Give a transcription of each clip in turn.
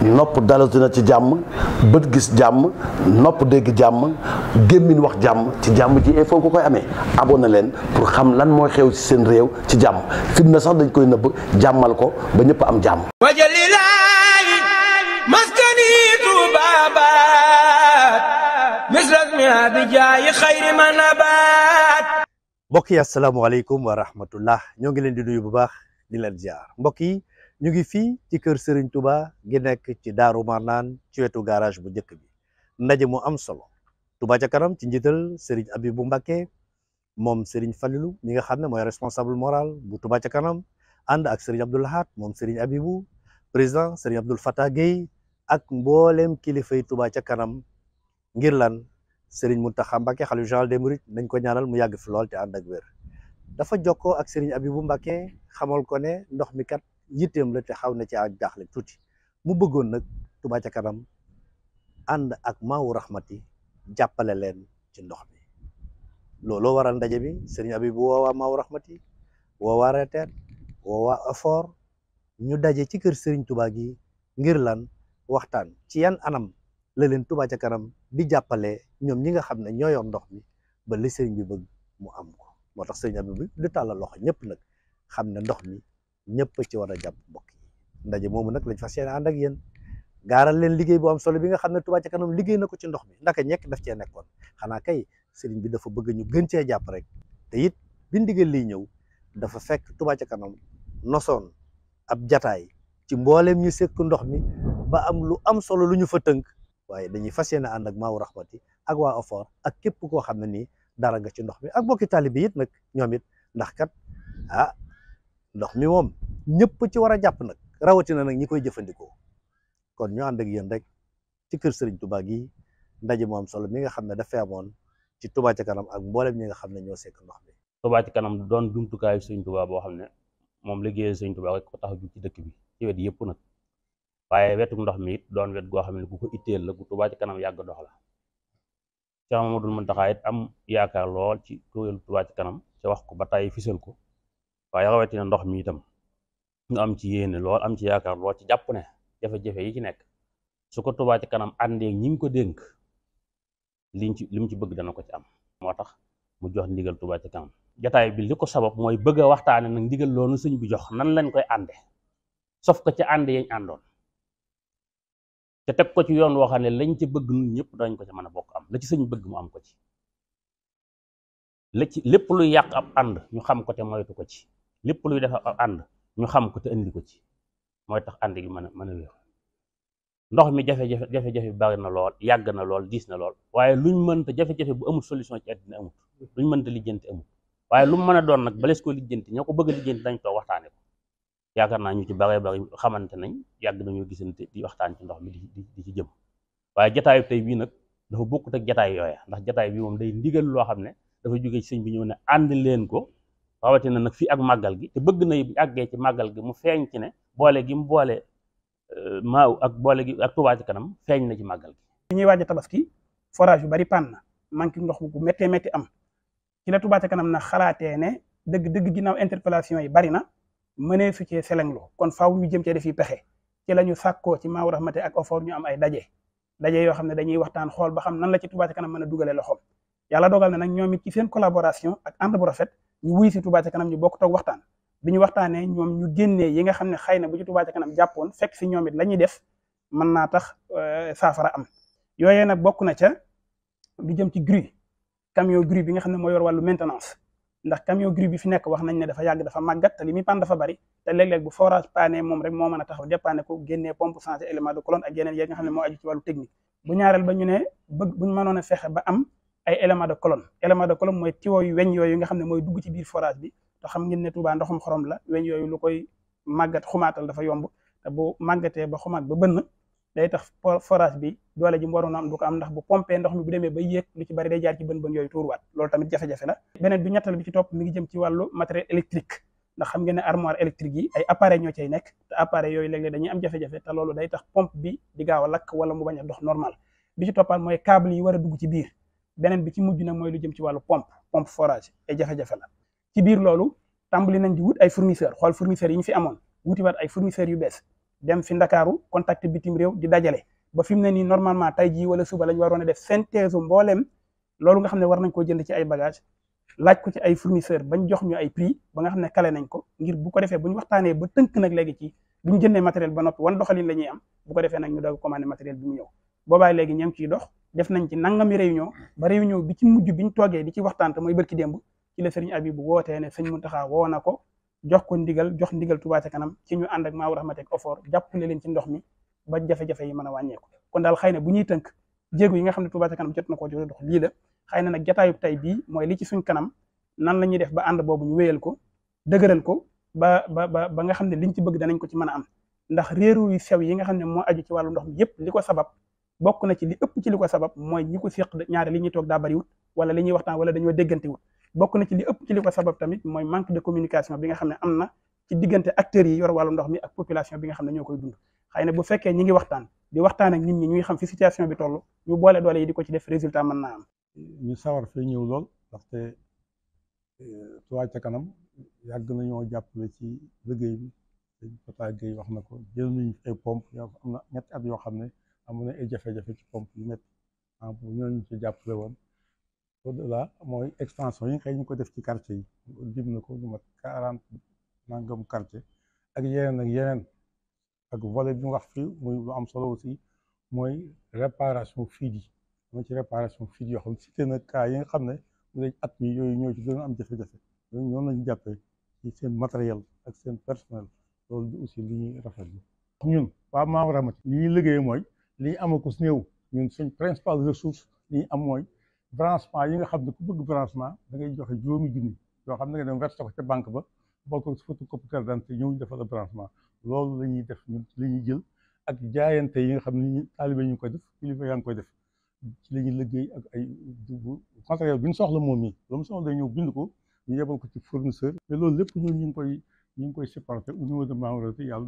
nopp dalatu na ci jàmm bët gis jàmm nopp dégg jàmm gémmiñ wax jàmm ci jàmm ji il faut nga koy amee abonné leen pour xam lan moo xew ci seen réew ci jàmm fitna sax dañ koy nëbb jàmmal ko ba ñépp am jàmm wajalilaayi maskanitu baabaat misras mi abijaayi xayri ma nabaat mbokk yi asalaamaaleykum wa rahmatullah ñoo ngi leen di nuyu bu baax di leen ziar mbokk yi ñu ngi fii ci kër Serigne Touba gi nekk ci Daaru Marnaan ci wetu garage bu njëkk bi ndaje mu am solo Touba ca kanam ci njiital Serigne Abibou Mbacké moom sëriñ Falilou mi nga xam ne mooy responsable moral bu Touba ca kanam ànd ak Serigne Abdou Lahat moom Serigne Abibou président Serigne Abdoul Fattah Guèye ak mboolem kilifay Touba ca kanam ngir lan Serigne Mountakha Mbacké xalifa général des mourides nañ ko ñaanal mu yàgg fi lool te ànd ak wér dafa jokkoo ak Serigne Abibou Mbacké xamal ndox mi kat. yitteem la te xaw na caa jaaxle tuuti mu bëggoon nag Touba ca kanam ànd ak maawu raxmati jàppale leen ci ndox mi looloo waral ndaje bi sëriñ Habib woowaa maawu raxmati woowaa reteet woowaa effort ñu daje ci kër sëriñ Touba gi ngir lan waxtaan ci yan anam la leen Touba kanam di jàppale ñoom ñi nga xam ne ñoo yor ndox mi ba li sëriñ bi bëgg mu am ko moo tax sëriñ Habib bi loxo ñëpp nag xam na ndox mi ñëpp ci war a jàpp mbokk yi ndaje moomu nag lañ fas yéene ànd ak yéen gaaral leen liggéey bu am solo bi nga xam ne Touba ca kanam liggéey na ko ci ndox mi ndaka ñekk daf cee nekkoon xanaa kay sëriñ bi dafa bëgg ñu gën cee jàpp rek te it bi ñëw dafa fekk Touba kanam nosoon ab jataay ci mbooleem ñu sekk ndox mi ba lu am solo lu ñu fa tënk waaye dañuy fas yéene ànd ak maawu raxmati ak waa OFOR ak képp koo xam ne nii dara nga ci ndox mi ak bokki taalibe yi it nag ñoom it ndax kat ah ndox mi moom ñëpp ci war a jàpp nag rawatina nag ñi koy jëfandikoo kon ñu ànd ak yéen rek ci kër Serigne Touba gi ndaje mu am solo mi nga xam ne dafay amoon ci Touba ci kanam ak mboolem ñi xam ne ñoo sekk ndox mi. Touba ci kanam doon jumtukaayu Serigne Touba boo xam ne moom liggéeyal Serigne Touba rek ko tax a ci dëkk bi ci yëpp nag waaye wetu ndox mi it doon wet goo xam ne ku ko itteel la ku Touba ci kanam yàgg dox la. Cheikh Mamadou Mountakha it am yaakaar lool ci kuréelu Touba ci kanam ca wax ko ba tàyyi fisal ko. waaye rawatina ndox mi tam nga am ci yéene lool am ci yaakaar lool ci jàpp ne jafe-jafe yi ci nekk su ko Touba ci kanam àndee ñi ngi ko dénk liñ ci li ci bëgg dana ko ci am moo tax mu jox ndigal Touba ci kanam jataay bi li ko sabab mooy bëgg a nag ndigal loolu sëñ bi jox nan lañ koy ànde sof ko ci ànd yañ àndoon te teg ko ci yoon woo ne lañ ci bëgg nun ñëpp dañ ko ci mën a bokk am la ci sëñ bëgg mu am ko ci la ci lépp luy yàq ab ànd ñu xam ko te moytu ko ci lépp luy def ànd ñu xam ko te indi ko ci mooy tax ànd gi mën a mën a wér ndox mi jafe-jafe jafe-jafe bari na lool yàgg na lool diis na lool waaye luñ mënta jafe-jafe bu amul solution ci àddina luñ mënta lijjanti amut waaye lu mën a doon nag bales koo lijjanti ñoo ko bëgg a lijjanti dañ toog waxtaane ko yaakaar naa ñu ci baree bari xamante nañ yàgg nañoo gisante di waxtaan ci ndox mi di di ci jëm waaye jataayu tey bii nag dafa bokkut ak jataay yooya ndax jataay bi moom day ndigal loo xam ne dafa jóge sëñ bi ñëw ne ànd leen ko rawatina nag fii ak màggal gi te bëgg na bu àggee ci màggal gi mu feeñ ci ne boole gi mu boole euh, maaw ak boole gi ak Touba ci kanam feeñ na ci màggal gi. li ñuy waaj a tabaski forage yu bari pan na manque ndox bu méttee métti am ci la Touba kanam na xalaatee ne dëgg dëgg ginnaaw interpellation yi bari na mënee su cee selenglo kon faaw ñu jëm cee def yi pexe ci la ñu sàkkoo ci maaw rahmate ak ofoor ñu am ay daje daje yoo xam ne dañuy waxtaan xool ba xam nan la ci Touba kanam mën a dugalee loxoom yàlla dogal na nag ñoom it ci seen collaboration ak ànd bu rafet ñu wuy si Touba ca kanam ñu bokk toog waxtaan bi ñu waxtaanee ñoom ñu génnee yi nga xam ne xay na bu ci Touba ca kanam jàppoon fekk si ñoom it la def man naa tax euh, saafara am yooyee nag bokk na ca lu jëm ci grue camion grue bi nga xam ne moo yor wàllu maintenance ndax camion grue bi nekk wax nañ ne dafa yàgg dafa màggat te li muy pan dafa te léeg-léeg bu forage paane moom rek moo mën a taxaw dépanne ko génnee pompe changé élément de colonne ak yeneen yi nga xam ne moo aju ci wàllu technique bu ñaareel ba ñu ne bëgg buñ mënoon fexe ba am ay élément de colonne élément de colonne mooy tiwo yu weñ yooyu nga xam ne mooy dugg ci biir forage bi te xam ngeen ne Touba ndoxum xorom la weñ yooyu lu koy màggat xumaatal dafa yomb bo bu ba xumaat ba bënn day tax forage bi doole ji mu waroon am du am ndax bu pompé ndox mi bu demee ba yéeg lu ci bari day jaar ci bën bën yooyu tuuruwaat loolu tamit jafe-jafe la beneen bi ñettal bi ci topp mi ngi jëm ci wàllu matériel électrique ndax xam ngeen ne armoire yi ay appareil ñoo cay nekk te yooyu léeg-léeg am jafe te loolu day tax pompe bi di a lakk wala mu bañ normal ci toppaat mooy câble yi war a dugg ci biir beneen bi ci mujj na mooy lu jëm ci wàllu pompe pompe forage ay jafe-jafe la ci biir loolu tàmbali nañ di wut ay fournisseur xool fournisseurs yi ñu fi amoon wutiwaat ay fournisseurs yu bees dem fi ndakaaru contact bitim réew di dajale ba fi mu ne nii normalement tey jii wala suba la waroon a def synthèse mbooleem loolu nga xam ne war nañ koo jënd ci ay bagage laaj ko ci ay fournisseur bañ jox ñu ay prix ba nga xam ne kale nañ ko ngir bu ko defee bu ñu waxtaanee ba tënk nag léegi ci bu ñu jëndee ba noppi wan doxalin la ñuy am bu ko defee nag ñu doog commandé matériel bi mu léegi ña ngi ciy dox def nañ ci nangami réunion ba réunion bi ci mujj biñ toogee di ci waxtaan te mooy bërki démb ci la sëriñ Abibu wootee ne sëñ Muntaxa woo na ko jox ko ndigal jox ndigal Touba ca kanam ci ñu ànd ak Maou ma teg Ofor jàppale leen ci ndox mi ba jafe-jafe yi mën a wàññeeku kon daal xëy na bu ñuy tënk jéego yi nga xam ne Touba ca kanam jot na koo joxe ndox lii la xëy na nag jataayu tey bii mooy li ci suñ kanam nan la ñuy def ba ànd boobu ñu wéyal ko dëgëral ko ba ba ba nga xam ne liñ ci bëgg danañ ko ci mën a am ndax réeru yu sew yi nga xam ne moo aju ci wàllu ndox mi li ko sabab bokk na ci li ëpp ci li ko sabab mooy ñi ko seq ñaari li ñuy toog daa bariwut wala li ñuy waxtaan wala dañoo déggante wut bokk na ci li ëpp ci li ko sabab tamit mooy manque de communication bi nga xam ne am na ci diggante acteurs yi yor wàllu ndox mi ak population bi nga xam ne ñoo koy dund xay na bu fekkee ñi ngi waxtaan di waxtaan ak nit ñi ñuy xam fi situation bi toll ñu boole doole ko ci def résultat mën ñu sawar fee ñëw lool ndaxte euh, Touba ca kanam yàgg nañoo jàppale ci liggéey bi dañ ko wax na ko jël nañu ay pompe yoo am na ñetti at yoo xam ne amoon na ay jafe-jafe ci pompe yu métti en pour ñooñu ci jàppale woon au mooy extension yi nga xëy ñu ko def ci quartier yi dim na ko lu mat quarante nangam quartier ak yeneen ak yeneen ak volet bi wax fii muy lu am solo aussi mooy reparation fuites yi mooy ci réparation fuites yoo xam ne cité na cas yi nga xam ne léegi at mi yooyu ñoo ci gën a am jafe-jafe yooyu noonu lañu jàppee ci seen matériel ak seen personnel loolu aussi li liggéey mooy li ñu am ko si néew ñun suñ principal ressource li ñu am mooy branchement yi nga xam ne ku bëgg branchement da ngay joxe juróomi junni yoo xam ne dem versé ko ca banque ba bool ko si photocopie carte d'identité ñëw ñu defal branchement loolu la ñuy def ñun li ñuy jël ak jaayante yi nga xam ne ñu taalibe ñu ngi koy def kilifa yaa ngi koy def ci liggéey ak ay matériel bi ñu soxla moom yi lu mu soxla ñëw bind ko ñu yebal ko ci fournisseur mais loolu lépp ñun ñu ngi koy ñu ngi koy supporté au niveau de Mamourati na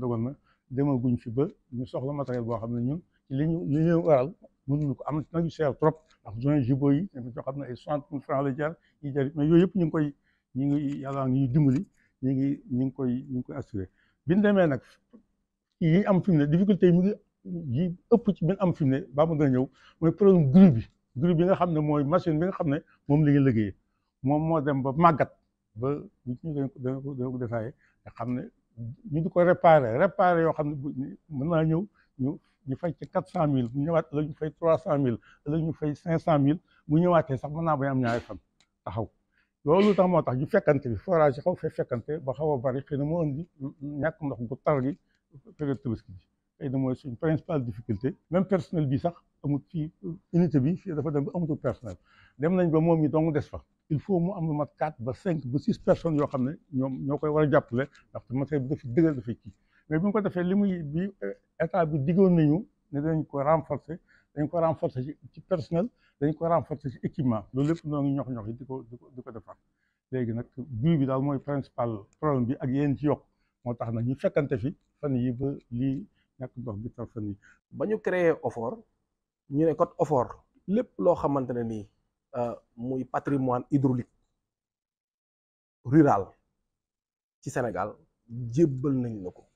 demaguñ fi ba ñu soxla matériel boo xam ne ñun li ñu li ñu waral mënuñu ko am nañu seer trop ndax joint jibo yi tamit yoo xam ne ay soixante mille francs la jar yi jar mais yooyu ñu ngi koy ñu ngi yàlla ngi ñu ngi ñu ngi koy ñu ngi koy bi ñu demee nag yi am fi mu ne difficulté yi mu ngi yi ëpp ci bi am fi mu ne baa ma gën a ñëw mooy problème groupe bi groupe bi nga xam ne mooy machine bi nga xam ne moom la ñu moom moo dem ba màggat ba ñu dañ ko dañ ko defaaye nga xam ne ñu di ko réparé réparé yoo xam ne mën naa ñëw ñu fay ci quatre cent mille ñëwaat ëllëg fay trois cent mille ëllëg ñu fay cin cent mille mu ñëwaatee sax mën naa bañ am ñaari fan taxaw loolu tax moo tax ñu fekkante bi forage xaw fee fekkante ba xaw a bari xëy na moo indi ñàkk ndox bu tar gi période tabaski bi xëy na mooy suñ principale difficulté même personnel bi sax amut fii unité bi fii dafa dem ba amatul dem nañ ba moom ñi dong des fa il faut mu am lu mat quatre ba cinq ba six personnes yoo xam ne ñoom ñoo koy war a jàppale ndaxte matériel bi dafa dëgër dafay kii mais bi ñu ko defee li muy bi euh, état bi diggoon nañu ne dañ ko renforcer dañ ko renforcer ci ci personnel dañ ko renforcer ci équipement loolu lépp noo ngi ñox-ñox yi di ko di ko defar léegi nag biir bi daal mooy principal problème bi ak yéen ci yokk moo tax nag ñu fekkante fi fan yi ba lii ñàkk ndox bi tax fan yi ba ñu créer OFOR ñu ne code OFOR lépp loo xamante ne nii euh, muy patrimoine hydraulique rural ci Sénégal jébbal nañ la ko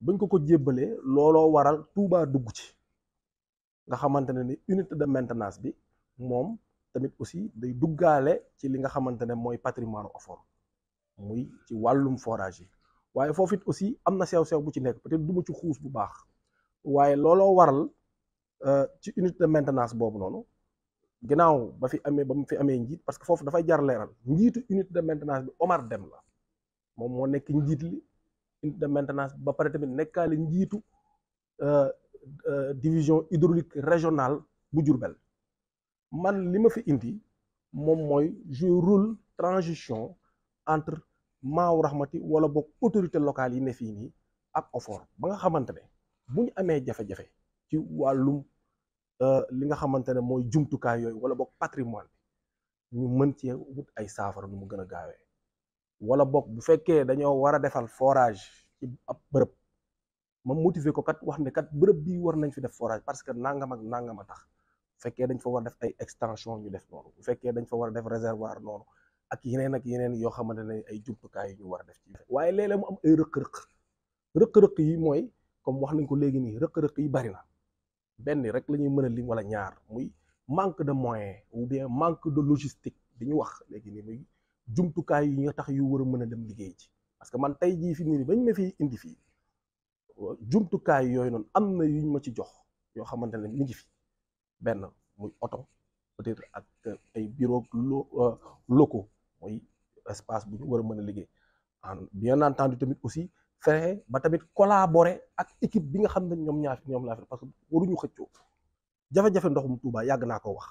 bañ ko ko jébbalee looloo waral Touba dugg ci nga xamante ne ni unité de maintenance bi moom tamit aussi day duggaale ci li nga xamante ne mooy patrimoine OFOR muy ci wàllum forage yi waaye foofu it aussi am na sew-sew bu ci nekk peut-être du ci xuus bu baax waaye looloo waral euh, ci unité de maintenance boobu noonu ginnaaw ba fi amee ba mu fi amee njiit parce que foofu dafay jar leeral njiitu unité de maintenance bi Omar Dem la moom moo nekk unité de ba pare tamit nekkaale njiitu euh, euh, division hydraulique régional bu Diourbel man li ma fi indi moom mooy jouer rôle transition entre Maaw Rahmati wala boog autorité locale yi ne fii nii ak OFOR ba nga xamante ne bu amee jafe-jafe ci wàllum euh, li nga xamante ne mooy jumtukaay yooyu wala boog patrimoine bi ñu mën cee ay saafara nu mu gën a gaawee wala bokk bu fekkee dañoo war a defal forage ci ab bërëb ma motiver ko kat wax ne kat bërëb bi war nañ fi def forage parce que nangam ak nangam a tax bu fekkee dañ fa war def ay extension ñu def noonu bu fekkee dañ fa war a def réservoir noonu ak yeneen ak yeneen yoo xamante ne ay jumtukaay yu ñu war a def ci waaye léeg mu am ay rëq-rëq rëq-rëq yi mooy comme wax nañ ko léegi nii rëq-rëq yi bari na benn rek la ñuy mën a lim wala ñaar muy manque de moyen ou manque de logistique bi ñu wax léegi nii jumtukaay yi nga tax yu war a mën a dem liggéey ci parce que man tey jii fi nii ne bañ ma fi indi fii jumtukaay yooyu noonu am na yuñ ma ci jox yoo xamante ne mi ngi fi benn muy oto peut-être ak euh, ay bureau euh, locaux mooy espace bu ñu war a mën a liggéey en bien entendu tamit aussi fexe ba tamit collaborer ak équipe bi nga xam ne ñoom ñaar ñoom laa fi parce que waruñu xëccoo jafe-jafe ndoxum Touba yàgg naa ko wax.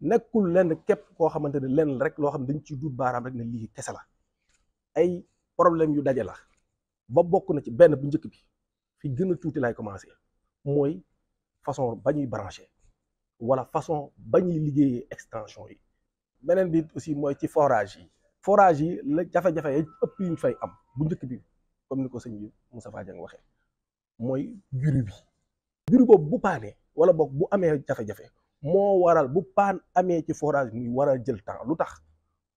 nekkul lenn képp koo xamante ne lenn rek loo xam dañu ciy duut baaraam rek na lii kese la ay problème yu daje la ba bokk na ci benn bu njëkk bi fi gën a tuuti lay commencé mooy façon ba ñuy branché wala façon ba ñuy liggéeyee extension yi beneen bi aussi mooy ci forage yi forage yi la jafe-jafe ya ëpp yuñ fay am bu njëkk bi comme ni ko sëñ bi musafaa Dieng waxee mooy juru bi juru boobu bu paanee wala boog bu amee jafe-jafe moo waral bu paan amee ci forage muy waral jël temps lu tax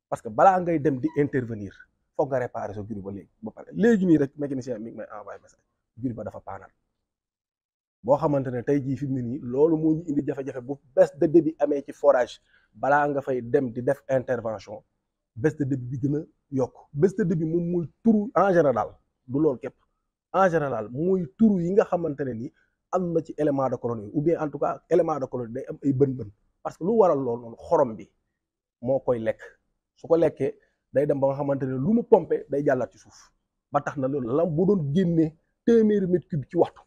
parce que balaa ngay dem di intervenir foog nga réparer sa guri ba léegi ba pare léegi nii rek mécanicien mi ngi may envoyé message guri ba dafa paanal boo xamante ne tey jii fi mu ne nii loolu moo ñu indi jafe-jafe bu baisse de débit amee ci forage balaa nga fay dem di def intervention bess de débit bi gën a yokk baisse de débit moom muy turu en général du loolu képp en général muy turu yi nga xamante ne nii am na ci élément de colonne ou bien en tout cas élément de colonne day am ay bën-bën parce que lu waral loolu noonu xorom bi moo koy lekk su ko lekkee day dem ba nga xamante ne lu mu pompe day jàllaat ci suuf ba tax na loolu la bu doon génnee téeméeri mètre cube ci waxtu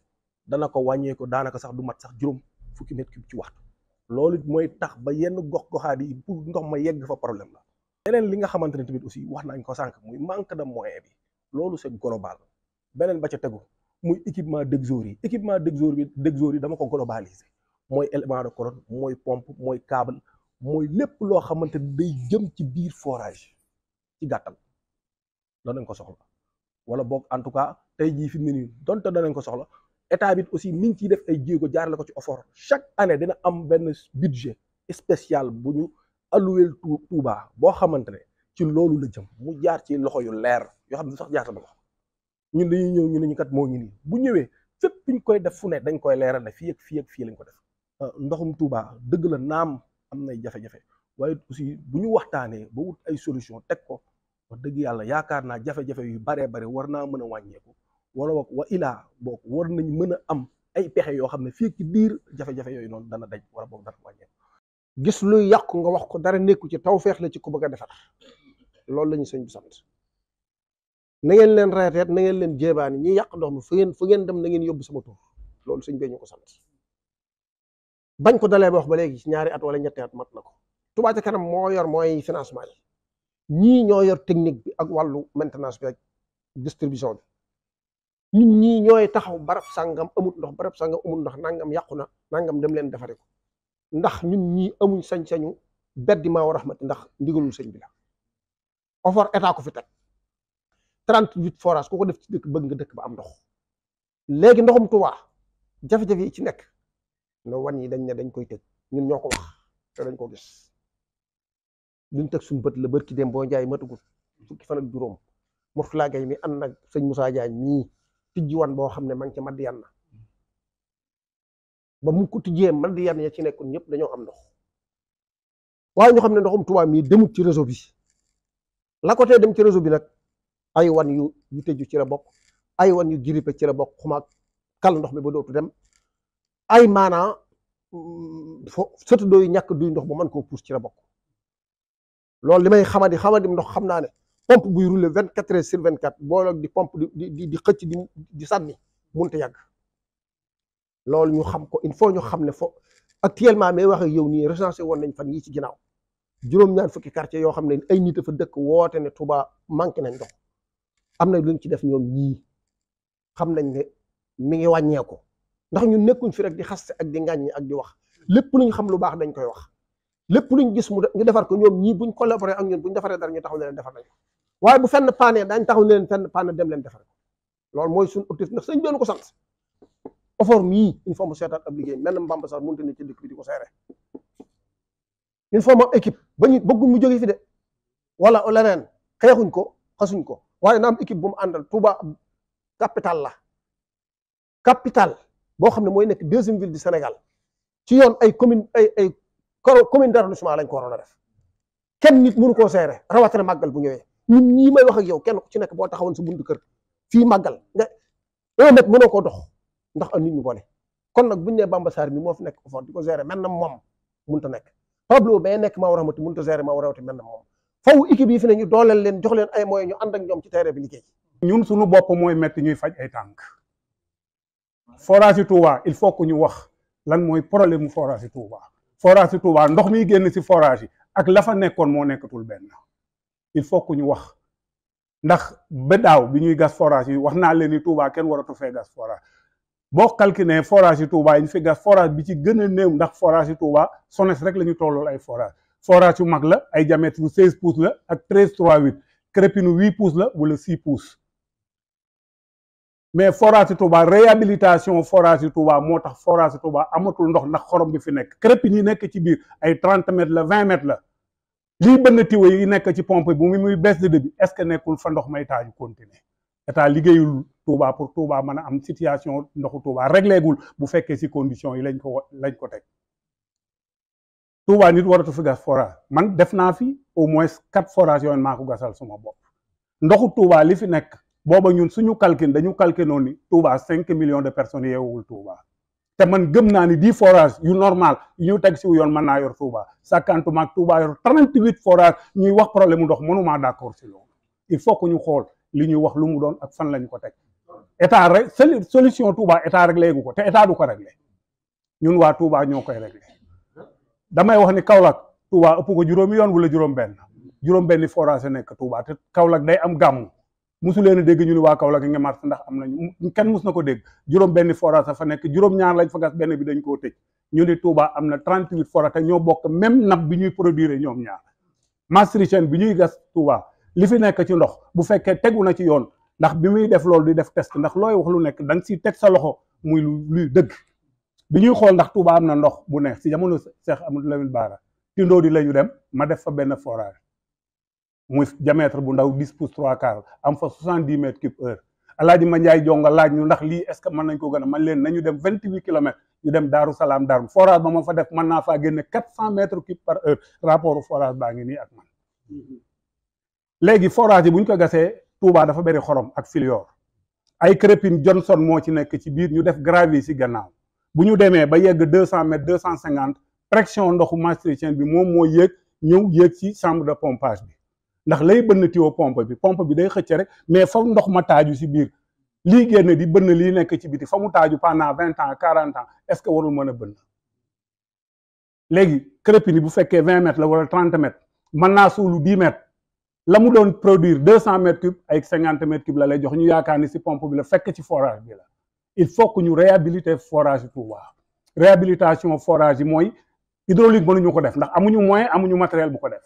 dana ko wàññee daanaka sax du mat sax juróom fukki mètre cube ci waxtu loolu mooy tax ba yenn gox goxaat yi pour ndox ma yegg fa problème la beneen li nga xamante ne tamit aussi wax nañ ko sànq muy manque de moyen bi loolu c'est global beneen ba ca tegu muy équipement dëgg jour yi équipement dëgg jour yi dama ko globaliser mooy élément de colonne mooy pompe mooy câble mooy lépp loo xamante ni day jëm ci biir forage ci gàttal doo nañ ko soxla wala boog en tout cas tey jii fi mu ne nii donte danañ ko soxla état bi aussi mi ngi ciy def ay jéego jaarale ko ci OFOR chaque année dina am benn budget spécial bu ñu alloué Touba boo xamante ne ci loolu la jëm mu jaar ci loxo yu leer yoo xam ne sax jaarale ko ñun dañuy ñëw ñun ne kat moo ñu nii bu ñëwee fépp ñu koy def fu ne dañ koy leeral ne fii ak fii ak fii lañ ko def ah, ndoxum Touba dëgg la naam am na jafe-jafe waaye bu ñu waxtaanee ba ay solution teg ko wax dëgg yàlla yaakaar naa jafe yu baree bare war naa mën a wàññeeku wala wa wa ilaa boog war nañ mën a am ay pexe yoo xam ne fii ci biir jafe-jafe yooyu noonu dana daj wala book dana wàññeeku. gis luy yàqu nga wax ko dara nekku ci tawfeex la ci ku bëgg a defar loolu lañu ñu sëñ sant. na ngeen leen reeteet na ngeen leen jéebaani ñi yàq ndox mi fu ngeen fu ngeen dem na ngeen sama tur loolu suñ bee ñu ko sant bañ ko dalee ba ba léegi ci ñaari at wala ñetti at mat na ko Touba kanam moo yor mooy financement yi ñii ñoo yor technique bi ak wàllu maintenance bi ak distribution bi ñun ñii ñooy taxaw barab sàngam amut ndox barab sàngam amut ndox nangam yàqu na nangam dem leen defari ko ndax ñun ñii amuñ sañ-sañu beddi maa wa raxmati ndax ndigalul sëñ bi la offort 38 forage ku ko def ci dëkk bëgg nga dëkk ba am ndox léegi ndoxum Tuubaa jafe-jafe yi ci nekk no wan yi dañ ne dañ koy tëj ñun ñoo ko wax te dañ ko gis duñ teg suñu bët la bër ki dem boo njaay matugul fukki fan ak juróom Mourtala gay mi ànd nag sëñ Moussa Diagne mii tijji wan boo xam ne ma ngi ca Madiane na ba mu ko tijjee Madiane ya ci nekkoon ñëpp dañoo am ndox waaye ñu xam ne ndoxum Tuubaa mii demut ci réseau bi la ko dem ci réseau bi nag ay wan yu yu tëju ci la bokk ay wan yu grippe ci la bokk xuma kal ndox mi ba dootu dem ay maanaa mm, fo sotti dooyu ñàkk duy ndox ba mën koo puus ci la bokk loolu li may xamadi xamadi ndox xam naa ne pompe buy rouler vingt quatre heures sur vingt quatre booloog di di di di xëcc di sanni sànni te yàgg loolu ñu xam ko il faut ñu xam ne fo actuellement mais wax ak yow nii recensé woon nañ fan yii ci ginnaaw juróom-ñaar fukki quartier yoo xam ne ay nit a fa dëkk woote ne Touba manqué nañ ndox am na luñ ci def ñoom ñii xam nañ ne mi ngi wàññeeku ndax ñun nekkuñ fi rek di xaste ak di ngàññi ak di wax lépp lu ñu xam lu baax dañ koy wax lépp lu luñ gis mu ñu defar ko ñoom ñii buñ collaboré ak ñun buñ defaree dara ñu taxaw ne leen defar nañ ko waaye bu fenn paanee daañ leen fenn paane dem leen defar ko loolu mooy suñu objectif ndax sëñ doon ko sant ofoor mii il faut mu seetaat ab liggéey menn mbamba sax mënut ne ci dëkk bi di ko seere il faut mu équipe ba ñu bëgg mu jóge fi de wala leneen xeexuñ ko xasuñ ko waaye na am équipe bu mu àndal Touba capital la capital boo xam ne mooy nekk deuxième ville du Sénégal ci yoon ay commune ay ay commune d'arrondissement lañ ko waroon a ken kenn nit mënu koo seere rawatina màggal bu ñëwee ñun ñii may wax ak yow kenn ku ci nekk boo taxawoon sa buntu kër fii màggal nga un mètre mënoo dox ndax am nit ñu boole kon nag bu ñu nee Bamba Sarr mi moo fi nekk fort di ko gérer mel na moom mënut a nekk Pablo bay nekk Maodo Rahmati mënut a gérer Maodo Rahmati mel na moom. faw équipe yi fi ne ñu dooleel leen jox leen ay mooy ñu ànd ak ñoom ci terrain bi liggéey. ñun suñu bopp mooy metti ñuy faj ay tànk forage yi Touba il faut ku ñu wax lan mooy problème mu forage yi Touba forage ndox miy génn si forage yi ak la nekkoon moo nekkatul benn il faut que ñu wax ndax ba bi ñuy gas forage yi wax naa leen ni Touba kenn waratu fee gas boo calculé forage yi yi ñu fi gas forage bi ci gën a néew ndax forage yi Touba SONES rek la ñu tollool ay forage forage yu mag la ay diamètre bu 16 pouces la ak 13 3 8 crépine 8 pouces la wala 6 pouces mais forage yu Touba réhabilitation forage yu Touba moo tax forage yu Touba amatul ndox ndax xorom bi fi nekk crépine yi nekk ci biir ay 30 mètres la 20 mètres la lii bënn tiwo yi nekk ci pompe bu mu muy baisse de débit est-ce que nekkul fa ndox may taaju continuer état liggéeyul Touba pour Touba mën a am situation ndoxu Touba régléegul bu fekkee si condition yi lañ ko lañ ko teg Touba nit waratu fi gas forage man def naa fi au moins quatre forages yooyu maa ko gasal suma bopp ndoxu Touba li fi nekk booba ñun suñu calcul dañu calculoon ni Touba cinq millions de personnes yeewul Touba te man gëm naa ni dix forage yu normal ñu teg si yoon man naa yor Touba sàkkantuma ak Touba yor trente huit forages ñuy wax problème mu ndox mënuma d'accord si loolu il faut que ñu xool li ñuy wax lu mu doon ak fan lañu ko teg état rek solution Touba état réglé gu ko te état du ko réglé ñun waa Touba ñoo koy réglé damay wax ni Kaolack Touba ëpp ko juróomi yoon wu la juróom-benn juróom-benn forage nekk Touba te Kaolack day am gàmmu musu leen a dégg ñu ni waa Kaolack nga mars ndax am nañu kenn mus na ko dégg juróom-benn forage fa nekk juróom-ñaar lañ fa gas benn bi dañ koo tëj ñu ni Touba am na 38 forage te ñoo bokk même nappe bi ñuy produire ñoom ñaar maastrichtienne bi ñuy gas Touba li fi nekk ci ndox bu fekkee tegu na ci yoon ndax bi muy def loolu di def test ndax looy wax lu nekk da siy teg sa muy luy dëgg. bi ñuy xool ndax Touba am na ndox bu neex si jamono Cheikh Amadou Lamine Bara tindoo di la ñu dem ma def fa benn forage muy diamètre bu ndaw dix pouces trois quarts am fa soixante dix mètres cube heure laaj ma njaay jonga laaj ñu ndax lii est-ce que mën nañ ko gën man leen nañu dem vingt huit kilomètres ñu dem daaru salaam daaru forage ba ma fa def mën naa faa génne quatre cent mètres cube par heure rapport forage baa ngi nii ak man léegi forage yi bu ko gasee Touba dafa bëri xorom ak filior ay crépine Johnson moo ci nekk ci biir ñu def gravier si gannaaw bu ñu demee ba yegg deux cent mètres deux cent cinquante pression ndoxu maastrichtien bi moom moo yéeg ñëw yéeg ci chambre de pompage bi ndax lay bënn tiwo pompe bi pomp bi day xëcc rek mais fa ndox ma taaju si biir lii génn di bënn lii nekk ci biti fa mu taaju pendant vingt ans quarante ans est ce que warul mën a bënn léegi crépine bu fekkee vingt mètres la wala trente mètres mën naa suulu dix mètres la mu doon produire deux cent mètres cubes ay cinquante la lay jox ñu yaakaar ni si pompe bi la fekk ci forage la il faut que ñu réhabiliter forage yi Touba réhabilitation forage yi mooy hydraulique mënuñu ko def ndax amuñu moyen amuñu matériel bu ko def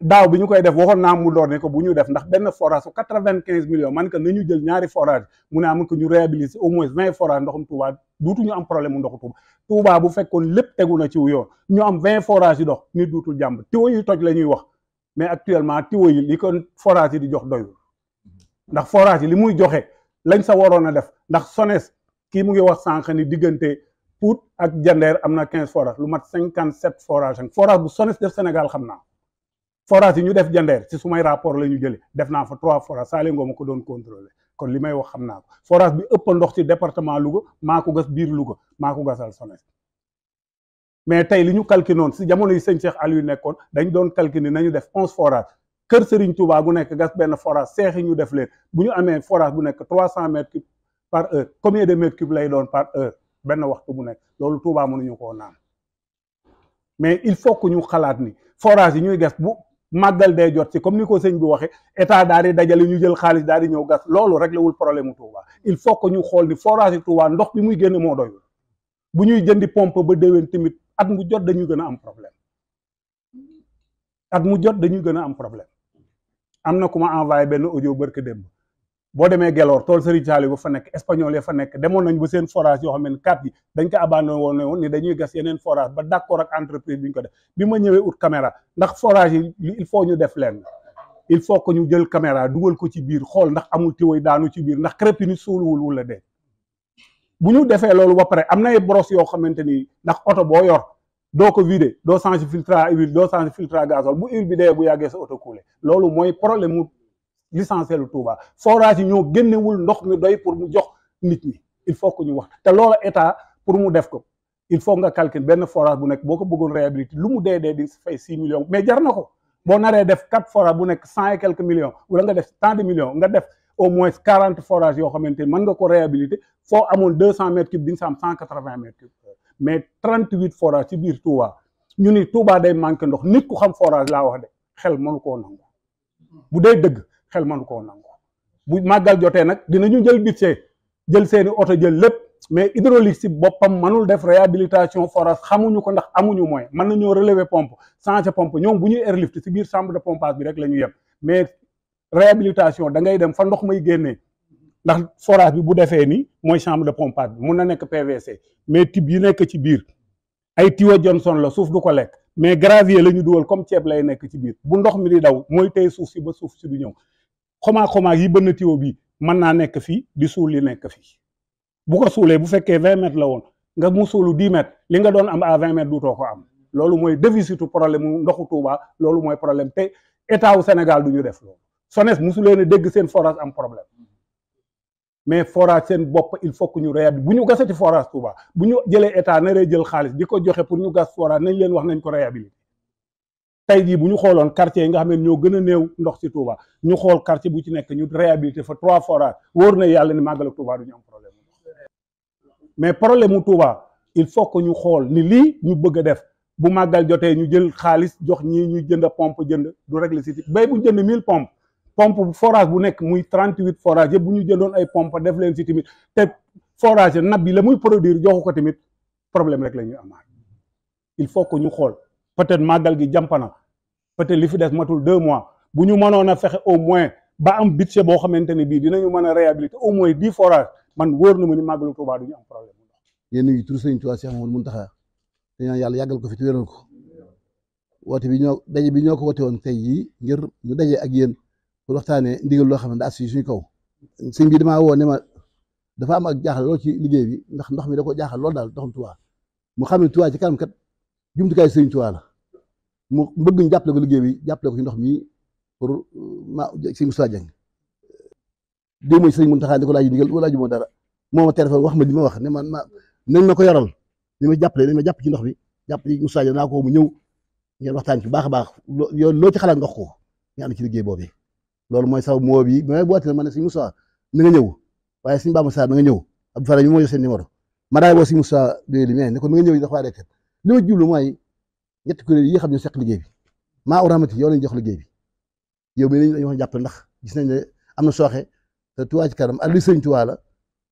daaw bi ñu koy def waxoon naa mu door ne ko bu ñu def ndax benn forage su quatre-vingt-quinze millions man que nañu jël ñaari forage mu ne am que ñu réhabiliter au moins vingt forage ndoxum Touba duutuñu am problème mu ndoxu Touba Touba bu fekkoon lépp tegu na ci yoon ñu am vingt forage yi dox nit duutul jàmb tiwo yi toj la ñuy wax mais actuellement tiwo yi li ko forage yi di jox doyul ndax forage yi li muy joxe lañ sa waroon a def ndax SONES kii mu ngi wax sànq ni diggante Pout ak Jandeer am na quinze forage lu mat cinquante sept forage forage bu SONES def Sénégal xam naa forage yi ñu def Jandeer ci su sumay rapport la ñu jëlee def naa fa trois forage Saalé Ngom ma ko doon contrôler kon li may wax xam naa ko forage bi ëpp ndox ci département Louga maa ko gas biir Louga maa ko gasal SONES mais tey li ñu calculé noonu si jamono yi sëñ Cheikh Aliou nekkoon dañ doon calculer nañu def onze forage kër Serigne Touba bu nekk gas benn forage seexi ñu def leen bu ñu amee forage bu nekk trois cent mètres cubes par heure combien de mètres cubes lay doon par heure benn waxtu bu nekk loolu Touba mënuñu koo naan mais il faut que ñu xalaat ni forage yi ñuy gas bu màggal day jot ci comme ni ko sëñ bi waxee état daal di dajale ñu jël xaalis daal di ñëw gas loolu réglé wul problème mu Touba il faut que ñu xool ni forage yi Touba ndox bi muy génne moo doyul bu ñuy jëndi pompe ba déwén tamit at mu jot dañuy gën a am problème at mu jot dañuy gën a am problème. am na ku ma envoyé benn audio barke démb boo demee Gelor tool Serigne Saliou ba fa nekk espagnol ya fa nekk demoon nañ ba seen forage yoo xam ne kat yi dañ ko abandonné woon woon ni dañuy gas yeneen forage ba d'accord ak entreprise bi ñu ko def bi ma ñëwee ut caméra ndax forage yi il faut ñu def leen il faut que ñu jël caméra dugal ko ci biir xool ndax amul tiwoy daanu ci biir ndax crépini suuluwul wula dee bu ñu defee loolu ba pare am na nay brosse yoo xamante ni ndax oto boo yor doo ko vider doo changer filtre à huile doo changer filtre à gazole bu huile bi dee bu yàggee sa auto coulé loolu mooy problème mu licencié lu Touba forage yi ñoo génnewul ndox mi doy pour mu jox nit ñi il faut que ñu wax te loolu état pour mu def ko il faut nga calcule benn forage bu nekk boo ko bëggoon réhabilité lu mu dee dee di fay six millions mais jar na ko boo naree def quatre forage bu nekk cent et quelques millions wala nga def tant de millions nga def au moins quarante forages yoo xamante ni mën nga ko réhabilité foo amoon deux cent mètres cubes di nga sa am cent mais 38 forage ci biir Touba ñu ni Touba day manqué ndox nit ku xam forage laa wax de xel mënu koo nangu bu dee dëgg xel mënu koo nangu bu màggal jotee nag dinañu jël budget jël seeni oto jël lépp mais hydraulique si boppam mënul def réhabilitation forage xamuñu ko ndax amuñu moyen mën nañoo relever pompe changer pompe ñoom bu ñuy airlift si biir chambre de pompage bi rek la ñu yem mais réhabilitation da ngay dem fa ndox may génnee ndax forage bi bu defee nii mooy chambre de pompage bi mun na nekk PVC mais tib yi nekk ci biir ay tiwa Johnson la suuf du ko lekk mais gravier la ñu dugal comme ceeb lay nekk ci biir bu ndox mi di daw mooy tey suuf si ba suuf si du ñëw xomaa xomaa yi bënn tiwa bi mën naa nekk fii di suul li nekk fii bu ko suulee bu fekkee vingt mètres la woon nga mu suulu dix mètres li nga doon am à vingt mètres duutoo ko am loolu mooy déficitu problème mu ndoxu Touba loolu mooy problème te état wu Sénégal du ñu def loolu SONES mosu leen a dégg seen forage am problème mais forage seen bopp il faut que ñu réhab bu ñu gasati forage Touba bu ñu jëlee état naree jël xaalis di ko joxe pour ñu gas forage nañ leen wax nañ ko réhabilité te jii bu ñu xooloon quartier yi nga xam ne ñoo gën a néew ndox ci Touba ñu xool quartier bu ci nekk ñu réhabilité fa trois forages wóor na yàlla ni màggal ak Touba du ñu am problème mais problème mu Touba il faut que ñu xool ni lii ñu bëgg a def bu màggal jotee ñu jël xaalis jox ñii ñuy jënd pompe jënd du régler si bay bu ñu jënd mille pompes pompe forage bu nekk muy trente huit forage yëpp bu ñu jëndoon ay pompe def leen si tamit te forage nab bi la muy produire joxu ko tamit problème rek la ñuy amaat il faut que ñu xool peut-être màggal gi jàmpana peut-être li fi des matul deux mois bu ñu mënoon a fexe au moins ba am budget boo xamante ne bii dinañu mën a réhabiliter au moins dix forage man wóor na ma ni màggalu Tuubaa du ñu am problème yéen ñi tur Sëriñ Tuubaa Cheikh Mamadou Mountakha dañaan yàlla yàggal ko fi te wéral ko woote bi ñoo daje bi ñoo ko woote woon tey jii ngir ñu daje ak yéen pour waxtaanee ndigal loo xam ne daa si suñ kaw sëñ bi damaa woo ne dafa am ak jaaxal lool ci liggéey bi ndax ndox mi da ko jaaxal lool daal ndoxum Tuubaa mu xam ne Tuubaa ci kanam jumtukaay sëñ Tuubaa la mu bëgg jàppale ko liggéey bi jàppale ci ndox mi pour ma sëñ Moussa Dieng dé mooy sëñ Muntaxa di ko laaj ndigal wala laaju moo dara moo wax ma li ma wax ne man ma nañ ma ko yoral ni ma jàppale nañ ma jàpp ci ndox bi jàpp ci Moussa Dieng naa ko mu ñëw ngeen waxtaan ci bu baax a baax loo ci xalaat ngox ko ci liggéey boobee loolu mooy saw moo bi mais boo ma ne sëñ Moussa na nga ñëw waaye sëñ Bamba Sarr na nga ñëw Abdou Fara mi moo yor seen numéro ma daay woo sëñ Moussa doy li mais ne ko na nga ñëw dafa rek li ma jublu mooy ñetti kuréel yi xam ñu seq liggéey bi maa uramati yow lañ jox liggéey bi yow mii dañu wax jàppale ndax gis nañ ne am na sooxe te Touba ci kanam ak li sëñ Touba la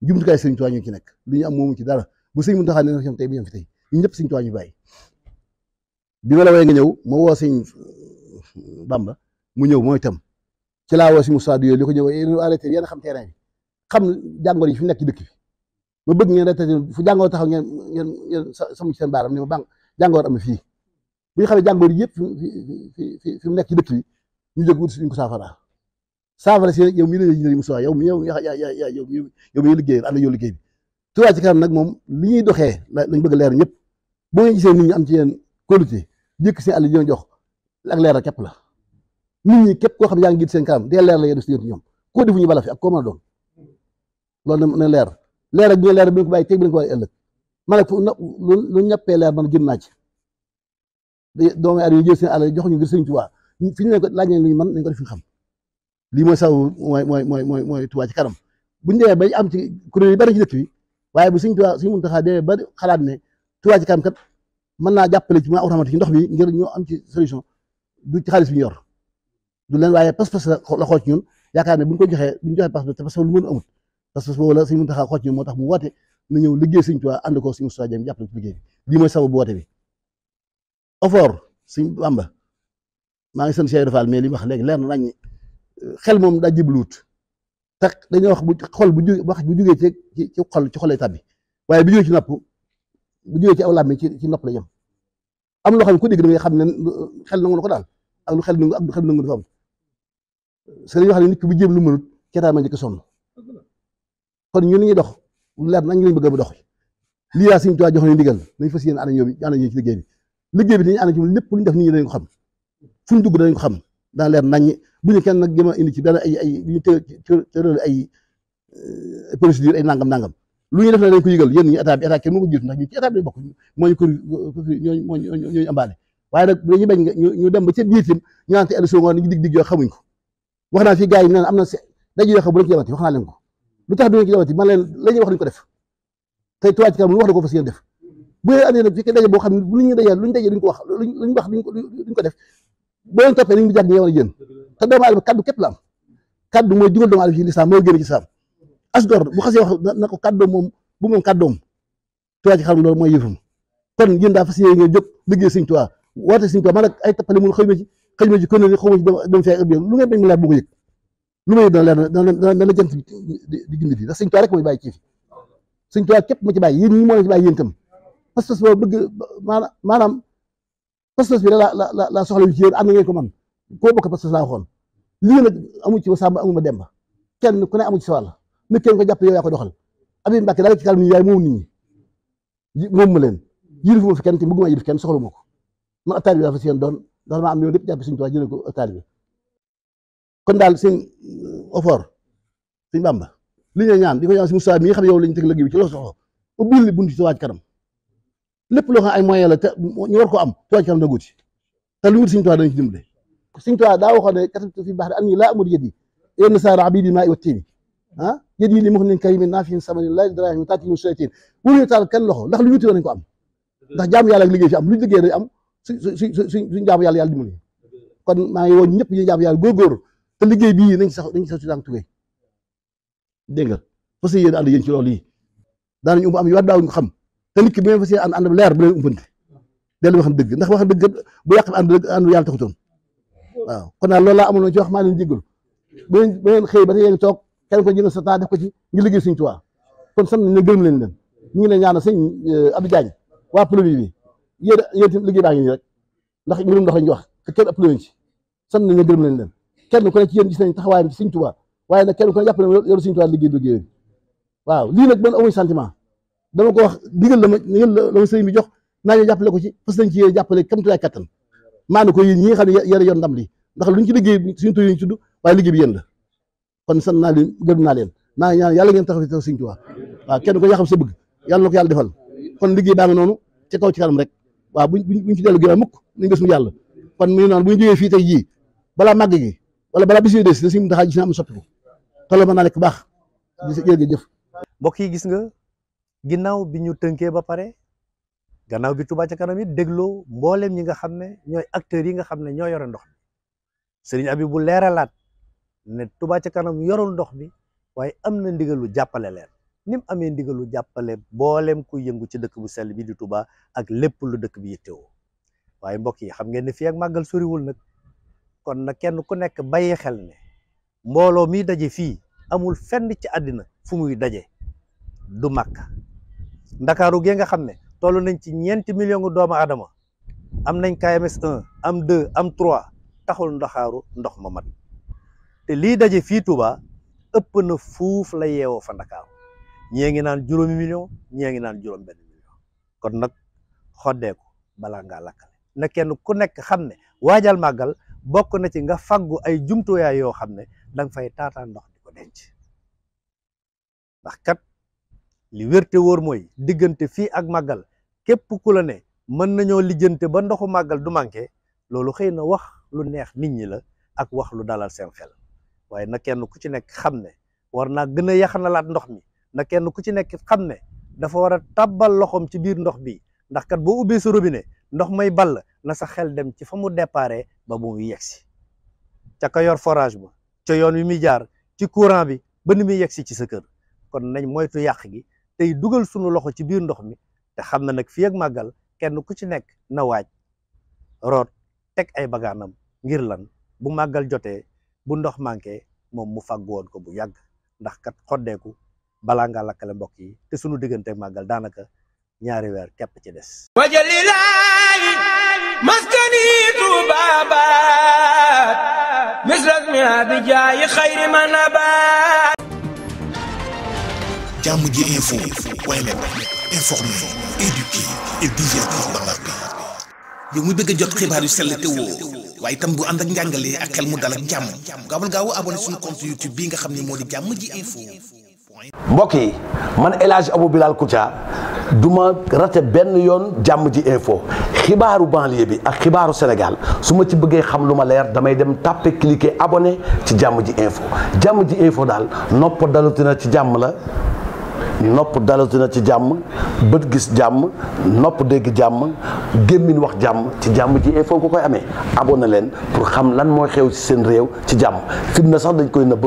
jumtukaay sëñ Touba ñu ci nekk li ñu am moomu ci dara bu sëñ Mountakha ne ñoom tey bi ñoom fi tey ñu ñëpp sëñ Touba ñu bàyyi bi ma la wooyee nga ñëw ma woo sëñ Bamba mu ñëw mooy tam ci laa woo si Moussa Diop li ko ñëw yéen arrêté yéen xam terrain bi xam jàngoro yi fi nekk ci dëkk bi ma bëgg ngeen arrêté fu jàngoro taxaw ngeen ngeen ngeen sama ci seen baaram ni ma bang jàngoro am na fii bu ñu xamee jàngoro yëpp fi fi fi mu nekk ci dëkk bi ñu jóg wut suñ ko saafara saafara si yow mii la ñuy Moussa yow mi a mi yow liggéey am na yow liggéey bi Touba nag moom li ñuy doxee lañ bëgg leer ñëpp boo ngeen gisee nit ñi am ci yéen kóolute jëkk seen àll yi jox ak leer képp la nit ñi képp koo xam ne yaa ngi jiit seen kanam dee leer la yéen si ñoom koo defuñu bala fi ak koo mën a doon loolu na leer leer ak bi leer bi ñu ko bàyyi teg bi ñu ko bàyyi ëllëg man nag fu lu ñappee leer man gën naa ci doomu aadama yi jël seen àll jox ñu ngir sëñ Tuubaa fi ñu ne ko laaj nañ lu ñu mën nañ ko def ñu xam lii mooy saw mooy mooy mooy mooy mooy Tuubaa ci kanam buñu demee bay am ci kuréel yi bari ci dëkk bi waaye bu sëñ Tuubaa suñu Muntaxaa demee ba xalaat ne Tuubaa ci kanam kat mën naa jàppale ci ma awramati ci ndox bi ngir ñu am ci solution du ci xaalis bi ñu yor du leen waaye pas-pas la xool ci ñun yaakaar ne bu ñu ko joxee bu ñu joxee pas-pas te pas-pas lu mën amut pas-pas boobu la suñu mën taxaa xool ci ñun moo tax mu woote na ñëw liggéey Sëriñ Tuubaa ànd ko suñu Musaa Jeng jàppale ci liggéey bi lii mooy sababu woote bi ofoor Sëriñ Bàmba maa ngi sant Cheikh Fall mais li wax léegi leer na nañ xel moom daa jibluut tax dañoo wax bu xol bu jóge wax bu jógee ci ci xol ci xolay tàbbi waaye bu jógee ci nopp bu jógee ci aw làmmiñ ci ci nopp la yem am loo xam ne ku dégg da ngay xam ne xel nangu na ko daal ak lu xel nangu ak lu xel nangu dafa am parce que dañuy wax ne nit ki bu jéem lu mënut ceetaan ma njëkk sonn kon ñun ñu dox lu leer nañ ñu bëgg a dox lii daa Sëñ Tuubaa jox nañu fa nañ fas yéene ànd ak ñoom ànd ak ñoom ci liggéey bi liggéey bi dañuy ànd ci lépp lu ñu def nit ñi dañ xam ñu dugg dañ ko xam daa leer nañ bu ñu nag jëm indi ci benn ay ay ñu tëral ay nangam nangam lu ñu def na dañ ko yëgal yéen ñu état bi état kenn mu ko jiitu ndax ñu ci état bi bokk moo ñu ko ñooñu ambaale waaye dem ba ca biir tim ñu naan te élection ngoon ñu dig dig yoo xamuñ ko wax naa fi gars yi naan am na dañuy wax bu leen ci yabati wax naa ko lu tax du ngeen ci yabati man leen wax nañ ko def tey Touba ci kanam lu wax na ko def bu leen andee nag fii daje boo xam ne bu ñu dajee lu ko wax ko def boo leen toppee dañuy jàpp ne war a jën te doomu aadama kaddu képp la kaddu mooy dugal doomu aadama ci lislaam mooy génn ci lislaam bu xasee wax na ko kaddoom moom bu moom kaddoom Touba ci kanam loolu mooy yëfam kon yéen daa fas yéene ngeen jóg liggéey Sëñ Touba woote Sëñ Touba man nag ay tappale mun xëy ci xëy ma ji ko ne xaw ma ji dama fee a yëg lu ma yëg dana leer dana jant di gindi fi rek mooy ci fi sëñ képp ma ci bàyyi yéen ñi moo ci bàyyi yéen tam parce que boo bëgg maanaam pastos bi la la la la soxla yu ci yéen na ngeen ko man koo bokk pastos laa waxoon lii nag amu ci Samba amu ma Demba kenn ku ne amu ci sa wàll nit kenn ko jàpp yow yaa a doxal Abi Mbàkke daal ci kanam yaay moom nit ñi moom ma leen yilifuma fi kenn te bëgguma yilif kenn soxla ma ko man attaar bi daal fa seen loolu maa am loolu lépp jàpp Sëriñ Tuubaa jëlee ko taalibe kon daal seen euh, effort Sëriñ Bàmba li ñu ñaan di ko ñaan si Moussa mi nga xam yow lañu teg liggéey bi ci loo soxla ubbil bunt ci Touba Kanam lépp loo ay moyens la te ñu ko am Touba Ca Kanam da guuti te lu wut Sëriñ Tuubaa dañu ci dimbale daa waxoon ne katabtu fi baax an yi laa amul yëdi yenn saara bii bi maa iwa tiini ah yëdi li muxlin karimin laa daraahim taati mu sulatin wuñu taal kenn loxo ndax lu wuti woon nañ ko am ndax jaamu yàlla ak liggéey fi am luñ liggéey dañ am suñ suñ suñ suñ suñ jaamu yàlla yàlla dimbali kon maa ngi woon ñëpp ñu jaamu yàlla góor-góor te liggéey bii nañ sax nañ sax si daan tukkee dégg nga fas yéene ànd yéen ci loolu yi daanañu um am yu daawuñ ko xam te nit ki bu ngeen fas yéene ànd ànd leer bu leen umpante dellu wax dëgg ndax wax dëgg bu yàq ànd ànd yàlla taxutoon waaw kon nag loolu laa amoon ci wax maa leen jégalu bu ngeen bu ngeen xëy ba tey yéen toog kenn ko jënd sa temps def ko ci ngi liggéey suñ tuwaa kon sant nañ ne gërëm leen leen ñu ngi leen ñaanal sëñ euh, Abdou Diagne waa produit bi yéen yéen liggéey baa ngi nii rek ndax mbirum ndox lañu wax te kenn kenn ku ne ci nañ taxawaayam ci Sëriñ Tuubaa waaye nag kenn ku ne jàpp na yow Sëriñ Tuubaa liggéey liggéey waaw lii nag wax digal la ma digal la ma sëriñ bi jox naa ñu jàppale ko ci fas nañ ci yéen jàppale kamtulaay kattan maana ko yéen ñi nga xam ne yéen ndax luñ ci liggéey suñu tur yi ñu tudd waaye liggéey bi yéen naa leen gërëm naa leen naa ñaan ngeen taxaw ci Sëriñ Tuubaa waaw kenn ko yaa xam sa bëgg yàlla na baa ngi noonu ci rek waaw buñ buñ ci dellu ginnaaw mukk nañ gis mu yàlla kon mu naan bu ñu jógee fii tey jii balaa màgg gi wala balaa bis yi des dañuy tax a gis na ma soppiku tolloo mën naa lekk baax jërëjëf. mbokk yi gis nga ginnaaw bi ñu tënkee ba pare gannaaw bi Touba ca kanam it dégloo mboolem ñi nga xam ne ñooy acteurs yi nga xam ne ñoo yore ndox mi Serigne Abibou leeralaat ne Touba ca kanam yorul ndox mi waaye am na ndigalu jàppale leen. ni mu amee ndigalu jàppale mboolem kuy yëngu ci dëkk bu sell bi di Touba ak lépp lu dëkk bi yittewoo waaye mbokk yi xam ngeen ne fii ak màggal wul nag kon nag kenn ku nekk bàyyi xel ne mbooloo mi daje fii amul fenn ci àddina fu muy daje du màkk ndakaaru gee nga xam ne toll nañ ci ñeenti million gu doomu aadama am nañ KMS 1 am 2 am 3 taxul ndaxaaru ndox ma mat te lii daje fii Touba ëpp fuuf la yeewoo fa ndakaaru ñii ngi naan juróomi million ñii ngi naan juróom benn million kon nag xoddeeku balaa ngaa lakkale na kenn ku nekk xam ne waajal màggal bokk na ci nga faggu ay jumtuwaay yoo xam ne danga fay taataan ndox di ko denc ndax kat li wér te mooy diggante fii ak màggal képp ku la ne mën nañoo lijjante ba ndoxu màggal du manqué loolu xëy na wax lu neex nit ñi la ak wax lu dalal seen xel waaye na kenn ku ci nekk xam ne war naa gën a yaxanalaat ndox mi na kenn ku ci nekk xam ne dafa war a tabbal loxoom ci biir ndox bi ndax kat boo ubbee sa robine ndox may ball na sa xel dem ci fa mu depare ba bu muy yegsi ca ka yor forage ba ca yoon wi muy jaar ci courant bi ba ni muy yegsi ci sa kër kon nañ moytu yàq gi tey dugal sunu loxo ci biir ndox mi te xam na nag fii ak màggal kenn ku ci nekk na waaj root teg ay bagaanam ngir lan bu màggal jotee bu ndox manqué moom mu fàgg woon ko bu yàgg ndax kat xoddeeku bala nga lakkale mbokk yi te sunu diggante màggal daanaka ñaari weer képp ci des wajalilaayi maskanitu baabaat misras mi abijaayi xayri ma nabaat jàmm ji info waaye nag informer éduquer et divertir dans la mu bëgg a jot xibaar yu sell te woo waaye itam bu ànd ak njàngalee ak xel mu dal jàmm gaawal gaaw abonné suñu compte YouTube bii nga xam ne moo di jàmm ji info mbokk yi man El Hadj Abou Bilal Koutia du ma rate benn yoon jàmm ji info xibaaru banlieue bi ak xibaaru Sénégal su ma ci bëggee xam lu ma leer damay dem tàppe cliquer abone ci jàmm ji info jàmm ji info daal nopp dalutina ci jàmm la nopp dalutina ci jàmm bët gis jàmm nopp dégg jàmm gémmiñ wax jàmm ci jàmm ji info nga koy amee abonné leen pour xam lan mooy xew ci seen réew ci jàmm fitna sax dañ koy nëbb